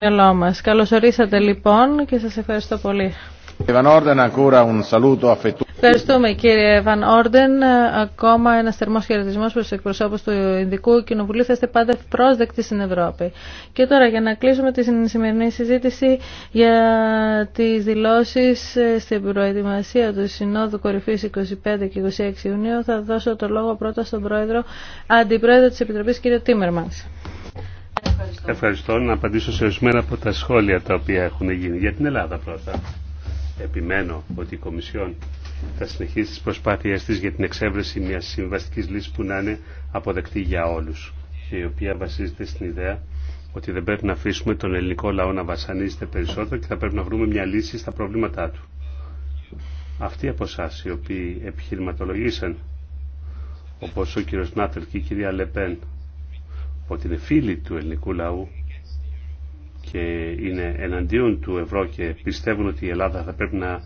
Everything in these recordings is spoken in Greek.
μυαλό μας. Καλωσορίσατε λοιπόν και σας ευχαριστώ πολύ. Ευχαριστούμε κύριε Βαν Όρντεν. Ακόμα ένα θερμό χαιρετισμό προ του εκπροσώπου του Ινδικού Κοινοβουλίου. Θα είστε πάντα πρόσδεκτοι στην Ευρώπη. Και τώρα για να κλείσουμε τη σημερινή συζήτηση για τι δηλώσει ε, στην προετοιμασία του Συνόδου Κορυφή 25 και 26 Ιουνίου θα δώσω το λόγο πρώτα στον πρόεδρο, αντιπρόεδρο τη Επιτροπή κύριο Τίμερμαν. Ευχαριστώ. Να απαντήσω σε ορισμένα από τα σχόλια τα οποία έχουν γίνει. Για την Ελλάδα πρώτα. Επιμένω ότι η Κομισιόν θα συνεχίσει τις προσπάθειές της για την εξέβρεση μιας συμβαστικής λύσης που να είναι αποδεκτή για όλους και η οποία βασίζεται στην ιδέα ότι δεν πρέπει να αφήσουμε τον ελληνικό λαό να βασανίζεται περισσότερο και θα πρέπει να βρούμε μια λύση στα προβλήματά του. Αυτοί από εσά οι οποίοι επιχειρηματολογήσαν, όπως ο κύριος Νάτελ και η κυρία Λεπέν, ότι είναι φίλοι του ελληνικού λαού και είναι εναντίον του ευρώ και πιστεύουν ότι η Ελλάδα θα πρέπει να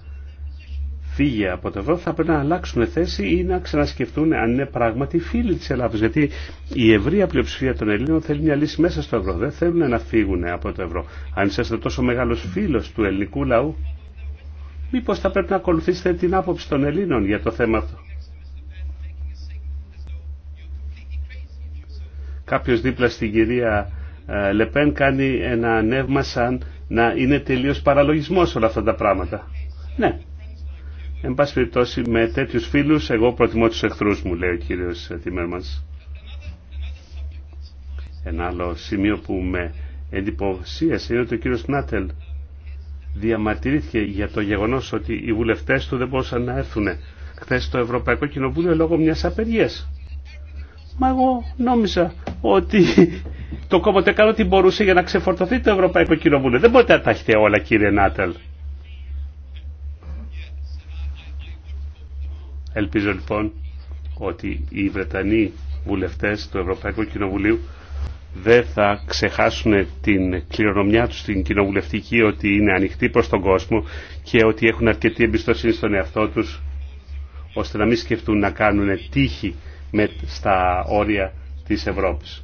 φύγει από το ευρώ, θα πρέπει να αλλάξουν θέση ή να ξανασκεφτούν αν είναι πράγματι φίλοι της Ελλάδας. Γιατί η ευρεία πλειοψηφία των Ελλήνων θέλει μια λύση μέσα στο ευρώ. Δεν θέλουν να φύγουν από το ευρώ. Αν είσαστε τόσο μεγάλος φίλος Ελληνικού λαού, μήπω μήπως θα πρέπει να ακολουθήσετε την άποψη των Ελλήνων για το θέμα αυτό. κάποιος δίπλα στην κυρία ε, Λεπέν κάνει ένα ανέβμα σαν να είναι τελείως παραλογισμός όλα αυτά τα πράγματα. Ναι. Εν πάση περιπτώσει με τέτοιους φίλους εγώ προτιμώ τους εχθρούς μου λέει ο κύριος Τιμέρμανς. Ένα άλλο σημείο που με εντυπωσίασε είναι ότι ο κύριος Νάτελ διαμαρτυρήθηκε για το γεγονός ότι οι βουλευτές του δεν μπορούσαν να έρθουν χθε στο Ευρωπαϊκό Κοινοβούλιο λόγω μιας απεργίας. Μα εγώ νόμιζα ότι το κόμμα το έκανε ό,τι μπορούσε για να ξεφορτωθεί το Ευρωπαϊκό Κοινοβούλιο. Δεν μπορείτε να τα έχετε όλα κύριε Νάτελ. Ελπίζω λοιπόν ότι οι Βρετανοί βουλευτές του Ευρωπαϊκού Κοινοβουλίου δεν θα ξεχάσουν την κληρονομιά τους στην κοινοβουλευτική ότι είναι ανοιχτή προς τον κόσμο και ότι έχουν αρκετή εμπιστοσύνη στον εαυτό τους ώστε να μην σκεφτούν να κάνουν τύχη με, στα όρια της Ευρώπης.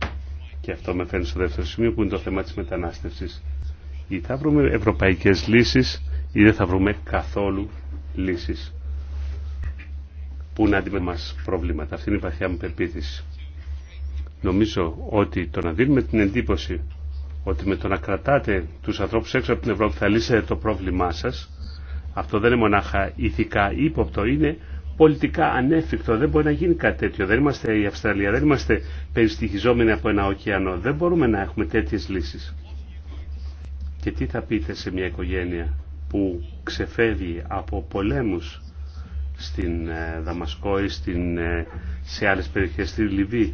Και αυτό με φέρνει στο δεύτερο σημείο που είναι το θέμα της μετανάστευσης. Ή θα βρούμε ευρωπαϊκές λύσεις ή δεν θα βρούμε καθόλου λύσεις που να αντιμετωπίσουμε μας προβλήματα. Αυτή είναι η βαθιά μου πεποίθηση. Νομίζω ότι το να δίνουμε την εντύπωση ότι με το να κρατάτε τους ανθρώπους έξω από την Ευρώπη θα λύσετε το πρόβλημά σας, αυτό δεν είναι μονάχα ηθικά ύποπτο, είναι πολιτικά ανέφικτο. Δεν μπορεί να γίνει κάτι τέτοιο. Δεν είμαστε η Αυστραλία, δεν είμαστε περιστοιχιζόμενοι από ένα ωκεανό. Δεν μπορούμε να έχουμε τέτοιες λύσεις. Και τι θα πείτε σε μια οικογένεια που ξεφεύγει από πολέμους στην ε, Δαμασκό ή στην, ε, σε άλλες περιοχές στη Λιβύη.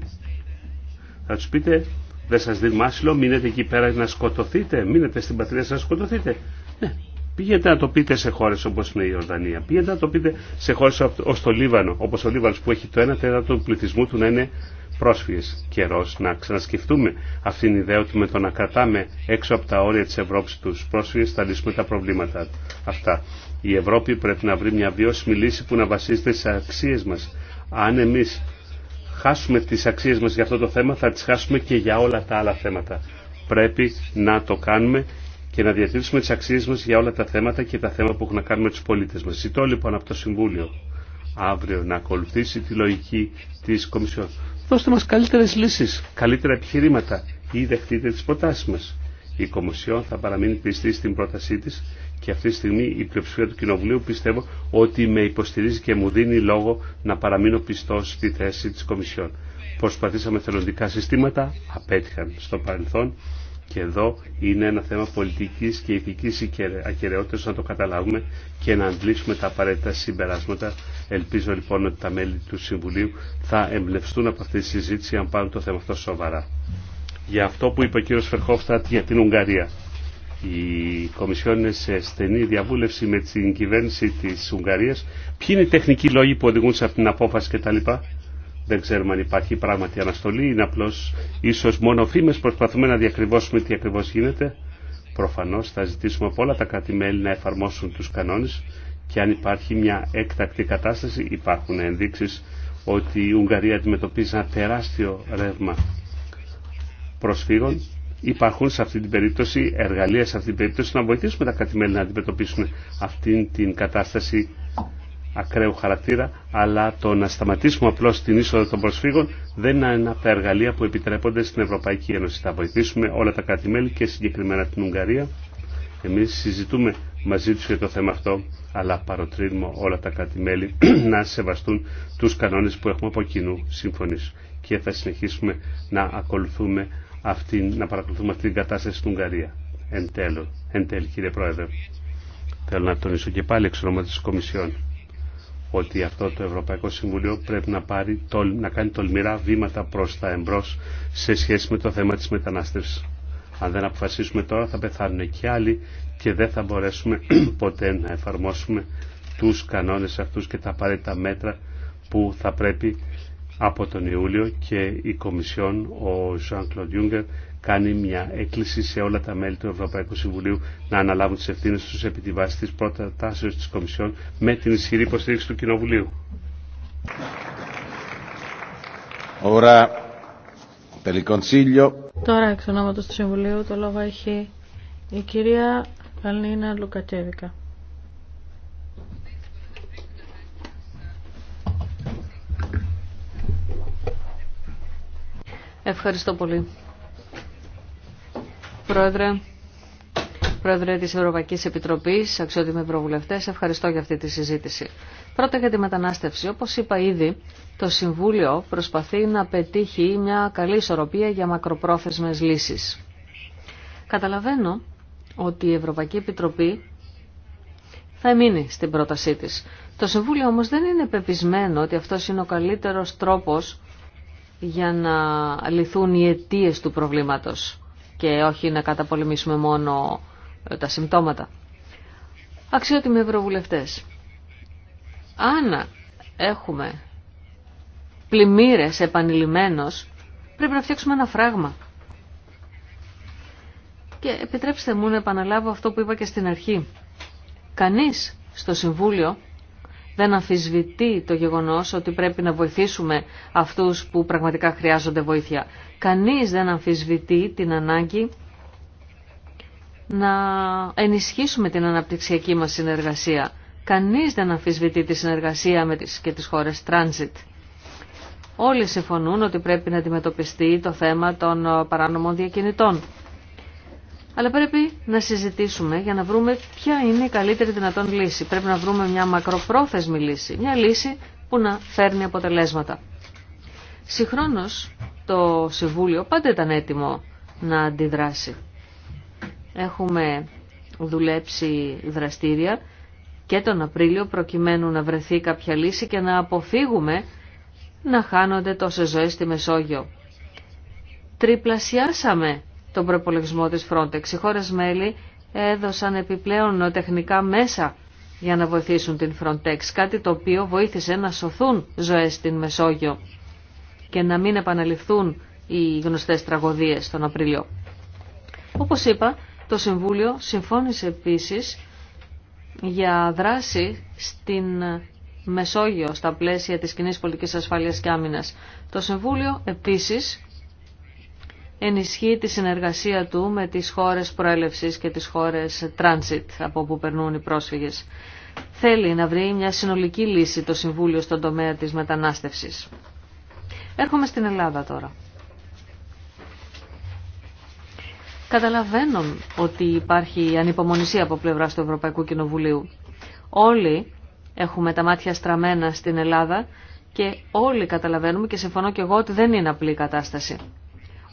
Θα τους πείτε δεν σας δίνουμε άσυλο, μείνετε εκεί πέρα να σκοτωθείτε, μείνετε στην πατρίδα σας να σκοτωθείτε. Ναι. Πήγαινε να το πείτε σε χώρε όπω είναι η Ιορδανία. Πήγαινε να το πείτε σε χώρε όπω το Λίβανο, όπω ο Λίβανο που έχει το 1 τέταρτο του πληθυσμού του να είναι πρόσφυγε. Καιρό να ξανασκεφτούμε αυτήν την ιδέα ότι με το να κρατάμε έξω από τα όρια τη Ευρώπη του πρόσφυγε θα λύσουμε τα προβλήματα αυτά. Η Ευρώπη πρέπει να βρει μια βιώσιμη λύση που να βασίζεται στι αξίε μα. Αν εμεί χάσουμε τι αξίε μα για αυτό το θέμα, θα τι χάσουμε και για όλα τα άλλα θέματα. Πρέπει να το κάνουμε και να διατηρήσουμε τι αξίε μα για όλα τα θέματα και τα θέματα που έχουν να κάνουν με τους πολίτες μας. Ζητώ λοιπόν από το Συμβούλιο αύριο να ακολουθήσει τη λογική τη Κομισιόν. Δώστε μα καλύτερε λύσει, καλύτερα επιχειρήματα ή δεχτείτε τι προτάσει μα. Η Κομισιόν θα παραμείνει πιστή στην πρότασή τη και αυτή τη στιγμή η πλειοψηφία του Κοινοβουλίου πιστεύω ότι με υποστηρίζει και μου δίνει λόγο να παραμείνω πιστό στη θέση τη Κομισιόν. Προσπαθήσαμε θελοντικά συστήματα, απέτυχαν στο παρελθόν. Και εδώ είναι ένα θέμα πολιτικής και ηθικής ακαιρεότητας να το καταλάβουμε και να αντλήσουμε τα απαραίτητα συμπεράσματα. Ελπίζω λοιπόν ότι τα μέλη του Συμβουλίου θα εμπνευστούν από αυτή τη συζήτηση αν πάρουν το θέμα αυτό σοβαρά. Για αυτό που είπε ο κύριος Φερχόφστατ για την Ουγγαρία. Η Κομισιόν είναι σε στενή διαβούλευση με την κυβέρνηση της Ουγγαρίας. Ποιοι είναι οι τεχνικοί λόγοι που οδηγούν σε αυτήν την απόφαση κτλ. Δεν ξέρουμε αν υπάρχει πράγματι αναστολή, είναι απλώ ίσω μόνο φήμε. Προσπαθούμε να διακριβώσουμε τι ακριβώ γίνεται. Προφανώ θα ζητήσουμε από όλα τα κράτη-μέλη να εφαρμόσουν του κανόνε και αν υπάρχει μια έκτακτη κατάσταση υπάρχουν ενδείξει ότι η Ουγγαρία αντιμετωπίζει ένα τεράστιο ρεύμα προσφύγων. Υπάρχουν σε αυτή την περίπτωση εργαλεία, σε αυτή την περίπτωση να βοηθήσουμε τα κράτη-μέλη να αντιμετωπίσουν αυτή την κατάσταση ακραίου χαρακτήρα, αλλά το να σταματήσουμε απλώ την είσοδο των προσφύγων δεν είναι ένα από τα εργαλεία που επιτρέπονται στην Ευρωπαϊκή Ένωση. Θα βοηθήσουμε όλα τα κράτη-μέλη και συγκεκριμένα την Ουγγαρία. Εμεί συζητούμε μαζί του για το θέμα αυτό, αλλά παροτρύνουμε όλα τα κράτη-μέλη να σεβαστούν του κανόνε που έχουμε από κοινού συμφωνήσει. Και θα συνεχίσουμε να ακολουθούμε αυτή, να παρακολουθούμε αυτή την κατάσταση στην Ουγγαρία. Εν τέλει, εν τέλει κύριε Πρόεδρε. Θέλω να τονίσω και πάλι εξ ονόματο τη Κομισιόν ότι αυτό το Ευρωπαϊκό Συμβουλίο πρέπει να, πάρει, να κάνει τολμηρά βήματα προς τα εμπρός σε σχέση με το θέμα της μετανάστευσης. Αν δεν αποφασίσουμε τώρα θα πεθάνουν και άλλοι και δεν θα μπορέσουμε ποτέ να εφαρμόσουμε τους κανόνες αυτούς και τα απαραίτητα μέτρα που θα πρέπει από τον Ιούλιο και η Κομισιόν, ο Ζαν Κλοντ κάνει μια έκκληση σε όλα τα μέλη του Ευρωπαϊκού Συμβουλίου να αναλάβουν τις ευθύνες τους επί τη βάση της προτάσεως της Κομισιόν με την ισχυρή υποστήριξη του Κοινοβουλίου. Τώρα εξ ονόματος του Συμβουλίου το λόγο έχει η κυρία Καλνίνα Λουκατσέβικα. Ευχαριστώ πολύ. Πρόεδρε, Πρόεδρε της Ευρωπαϊκής Επιτροπής, αξιότιμοι ευρωβουλευτές, ευχαριστώ για αυτή τη συζήτηση. Πρώτα για τη μετανάστευση. Όπως είπα ήδη, το Συμβούλιο προσπαθεί να πετύχει μια καλή ισορροπία για μακροπρόθεσμες λύσεις. Καταλαβαίνω ότι η Ευρωπαϊκή Επιτροπή θα εμείνει στην πρότασή της. Το Συμβούλιο όμως δεν είναι πεπισμένο ότι αυτός είναι ο καλύτερος τρόπος για να λυθούν οι αιτίε του προβλήματος και όχι να καταπολεμήσουμε μόνο ε, τα συμπτώματα. Αξιότιμοι ευρωβουλευτές, αν έχουμε πλημμύρες επανειλημμένος, πρέπει να φτιάξουμε ένα φράγμα. Και επιτρέψτε μου να επαναλάβω αυτό που είπα και στην αρχή. Κανείς στο Συμβούλιο δεν αμφισβητεί το γεγονός ότι πρέπει να βοηθήσουμε αυτούς που πραγματικά χρειάζονται βοήθεια. Κανείς δεν αμφισβητεί την ανάγκη να ενισχύσουμε την αναπτυξιακή μας συνεργασία. Κανείς δεν αμφισβητεί τη συνεργασία με τις και τις χώρες transit. Όλοι συμφωνούν ότι πρέπει να αντιμετωπιστεί το θέμα των παράνομων διακινητών. Αλλά πρέπει να συζητήσουμε για να βρούμε ποια είναι η καλύτερη δυνατόν λύση. Πρέπει να βρούμε μια μακροπρόθεσμη λύση, μια λύση που να φέρνει αποτελέσματα. Συγχρόνως το Συμβούλιο πάντα ήταν έτοιμο να αντιδράσει. Έχουμε δουλέψει δραστήρια και τον Απρίλιο προκειμένου να βρεθεί κάποια λύση και να αποφύγουμε να χάνονται τόσες ζωές στη Μεσόγειο. Τριπλασιάσαμε τον προπολογισμό της Frontex. Οι χώρες μέλη έδωσαν επιπλέον τεχνικά μέσα για να βοηθήσουν την Frontex, κάτι το οποίο βοήθησε να σωθούν ζωές στην Μεσόγειο και να μην επαναληφθούν οι γνωστές τραγωδίες τον Απριλίο. Όπως είπα, το Συμβούλιο συμφώνησε επίσης για δράση στην Μεσόγειο στα πλαίσια της κοινή πολιτικής ασφάλειας και άμυνας. Το Συμβούλιο επίσης ενισχύει τη συνεργασία του με τις χώρες προέλευσης και τις χώρες transit από όπου περνούν οι πρόσφυγες. Θέλει να βρει μια συνολική λύση το Συμβούλιο στον τομέα της μετανάστευσης. Έρχομαι στην Ελλάδα τώρα. Καταλαβαίνω ότι υπάρχει ανυπομονησία από πλευρά του Ευρωπαϊκού Κοινοβουλίου. Όλοι έχουμε τα μάτια στραμμένα στην Ελλάδα και όλοι καταλαβαίνουμε και συμφωνώ και εγώ ότι δεν είναι απλή κατάσταση.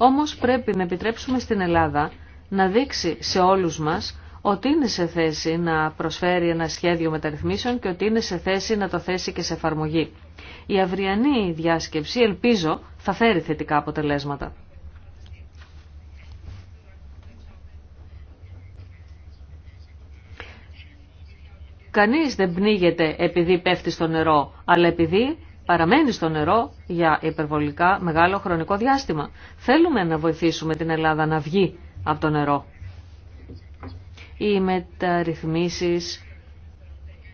Όμως πρέπει να επιτρέψουμε στην Ελλάδα να δείξει σε όλους μας ότι είναι σε θέση να προσφέρει ένα σχέδιο μεταρρυθμίσεων και ότι είναι σε θέση να το θέσει και σε εφαρμογή. Η αυριανή διάσκεψη, ελπίζω, θα φέρει θετικά αποτελέσματα. Κανείς δεν πνίγεται επειδή πέφτει στο νερό, αλλά επειδή παραμένει στο νερό για υπερβολικά μεγάλο χρονικό διάστημα. Θέλουμε να βοηθήσουμε την Ελλάδα να βγει από το νερό. Οι μεταρρυθμίσεις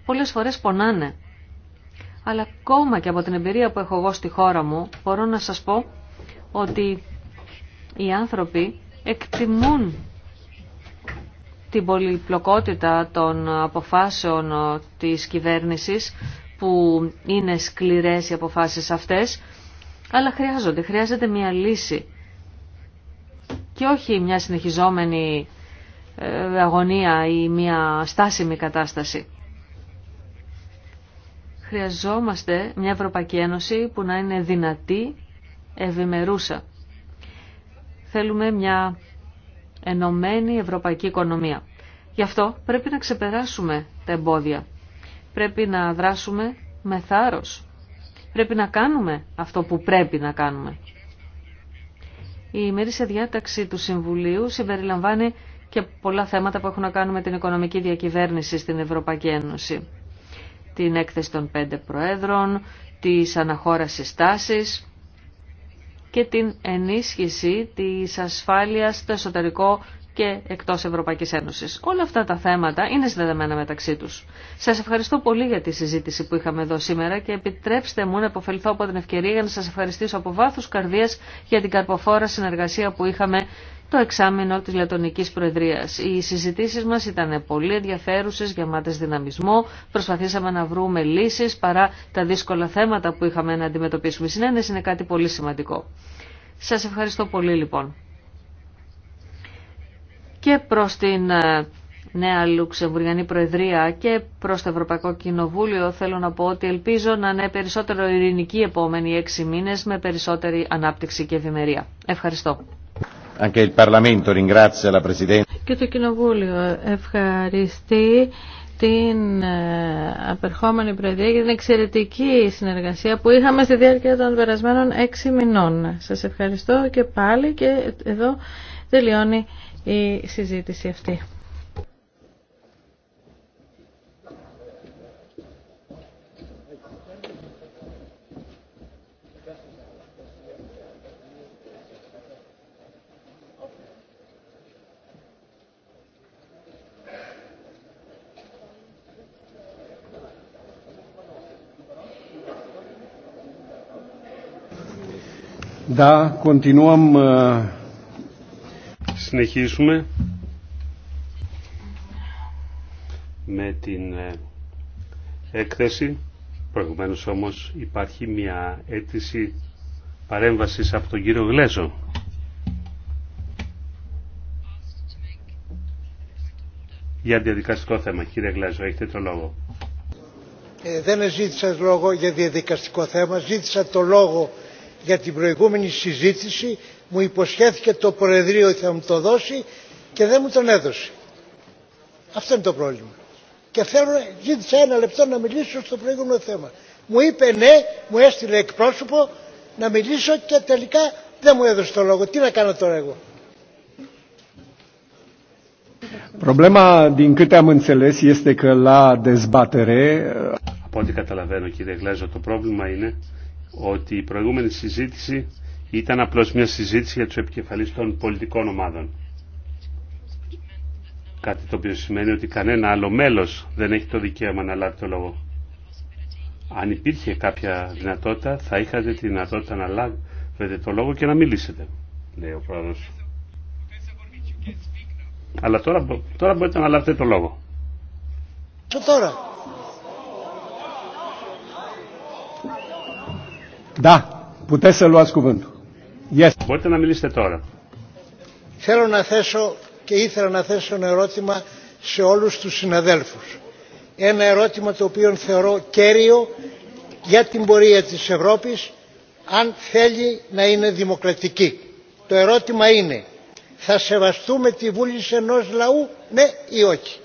πολλές φορές πονάνε. Αλλά ακόμα και από την εμπειρία που έχω εγώ στη χώρα μου, μπορώ να σας πω ότι οι άνθρωποι εκτιμούν την πολυπλοκότητα των αποφάσεων της κυβέρνησης που είναι σκληρές οι αποφάσεις αυτές, αλλά χρειάζονται, χρειάζεται μια λύση και όχι μια συνεχιζόμενη ε, αγωνία ή μια στάσιμη κατάσταση. Χρειαζόμαστε μια Ευρωπαϊκή Ένωση που να είναι δυνατή, ευημερούσα. Θέλουμε μια ενωμένη ευρωπαϊκή οικονομία. Γι' αυτό πρέπει να ξεπεράσουμε τα εμπόδια πρέπει να δράσουμε με θάρρος. Πρέπει να κάνουμε αυτό που πρέπει να κάνουμε. Η ημερήσια διάταξη του Συμβουλίου συμπεριλαμβάνει και πολλά θέματα που έχουν να κάνουν με την οικονομική διακυβέρνηση στην Ευρωπαϊκή Ένωση. Την έκθεση των πέντε προέδρων, τις αναχώρασης τάσης και την ενίσχυση της ασφάλειας στο εσωτερικό και εκτός Ευρωπαϊκής Ένωσης. Όλα αυτά τα θέματα είναι συνδεδεμένα μεταξύ τους. Σας ευχαριστώ πολύ για τη συζήτηση που είχαμε εδώ σήμερα και επιτρέψτε μου να υποφελθώ από την ευκαιρία για να σας ευχαριστήσω από βάθους καρδίας για την καρποφόρα συνεργασία που είχαμε το εξάμεινο της Λετωνικής Προεδρίας. Οι συζητήσεις μας ήταν πολύ ενδιαφέρουσες, γεμάτες δυναμισμό. Προσπαθήσαμε να βρούμε λύσεις παρά τα δύσκολα θέματα που είχαμε να αντιμετωπίσουμε. Η συνένεση είναι κάτι πολύ σημαντικό. Σας ευχαριστώ πολύ λοιπόν και προς την ε, Νέα Λουξεμβουργιανή Προεδρία και προς το Ευρωπαϊκό Κοινοβούλιο θέλω να πω ότι ελπίζω να είναι περισσότερο ειρηνική επόμενη έξι μήνες με περισσότερη ανάπτυξη και ευημερία. Ευχαριστώ. Και το Κοινοβούλιο ευχαριστεί την ε, απερχόμενη Προεδρία για την εξαιρετική συνεργασία που είχαμε στη διάρκεια των περασμένων έξι μηνών. Σας ευχαριστώ και πάλι και εδώ τελειώνει η συζήτηση αυτή. Da, continuăm uh, συνεχίσουμε με την ε, έκθεση. Προηγουμένως όμως υπάρχει μια αίτηση παρέμβασης από τον κύριο Γλέζο. Για διαδικαστικό θέμα. Κύριε Γλέζο, έχετε το λόγο. Ε, δεν ζήτησα λόγο για διαδικαστικό θέμα. Ζήτησα το λόγο για την προηγούμενη συζήτηση μου υποσχέθηκε το Προεδρείο ότι θα μου το δώσει και δεν μου τον έδωσε. Αυτό είναι το πρόβλημα. Και θέλω, ζήτησα ένα λεπτό να μιλήσω στο προηγούμενο θέμα. Μου είπε ναι, μου έστειλε εκπρόσωπο να μιλήσω και τελικά δεν μου έδωσε το λόγο. Τι να κάνω τώρα εγώ. την am Από ό,τι καταλαβαίνω, κύριε Γλέζο, το πρόβλημα είναι ότι η προηγούμενη συζήτηση ήταν απλώς μια συζήτηση για τους επικεφαλείς των πολιτικών ομάδων. Κάτι το οποίο σημαίνει ότι κανένα άλλο μέλος δεν έχει το δικαίωμα να λάβει το λόγο. Αν υπήρχε κάποια δυνατότητα, θα είχατε τη δυνατότητα να λάβετε το λόγο και να μιλήσετε, λέει ο πρόεδρος. Αλλά τώρα, τώρα μπορείτε να λάβετε το λόγο. Τώρα. Yes. Μπορείτε να μιλήσετε τώρα. Θέλω να θέσω και ήθελα να θέσω ένα ερώτημα σε όλους τους συναδέλφους. Ένα ερώτημα το οποίο θεωρώ κέριο για την πορεία της Ευρώπης αν θέλει να είναι δημοκρατική. Το ερώτημα είναι θα σεβαστούμε τη βούληση ενός λαού ναι ή όχι.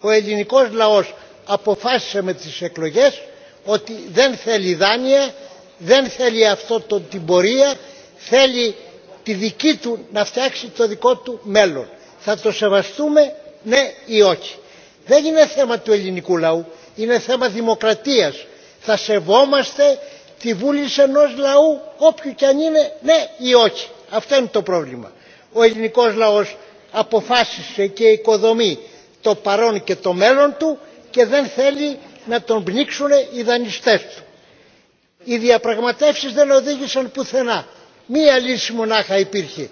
Ο ελληνικός λαός αποφάσισε με τις εκλογές ότι δεν θέλει δάνεια, δεν θέλει αυτό την πορεία θέλει τη δική του να φτιάξει το δικό του μέλλον. Θα το σεβαστούμε ναι ή όχι. Δεν είναι θέμα του ελληνικού λαού, είναι θέμα δημοκρατίας. Θα σεβόμαστε τη βούληση ενός λαού όποιου και αν είναι ναι ή όχι. Αυτό είναι το πρόβλημα. Ο ελληνικός λαός αποφάσισε και οικοδομεί το παρόν και το μέλλον του και δεν θέλει να τον πνίξουν οι δανειστές του. Οι διαπραγματεύσεις δεν οδήγησαν πουθενά. Μία λύση μονάχα υπήρχε.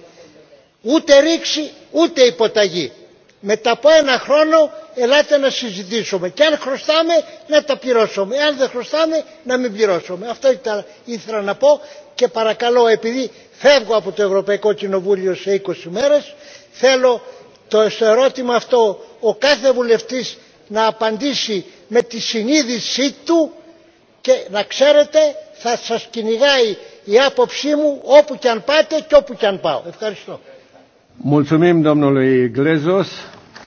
Ούτε ρήξη, ούτε υποταγή. Μετά από ένα χρόνο ελάτε να συζητήσουμε. Και αν χρωστάμε να τα πληρώσουμε. Αν δεν χρωστάμε να μην πληρώσουμε. Αυτό ήθελα να πω και παρακαλώ επειδή φεύγω από το Ευρωπαϊκό Κοινοβούλιο σε 20 μέρες θέλω το ερώτημα αυτό ο κάθε βουλευτής να απαντήσει με τη συνείδησή του και να ξέρετε θα σας κυνηγάει η άποψή μου όπου και αν πάτε και όπου και αν πάω. Ευχαριστώ.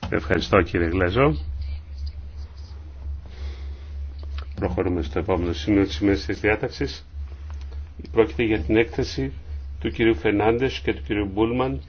Ευχαριστώ κύριε Γλέζο. Προχωρούμε στο επόμενο σημείο της σημερινής της διάταξης. Πρόκειται για την έκθεση του κυρίου Φερνάντες και του κυρίου Μπούλμαν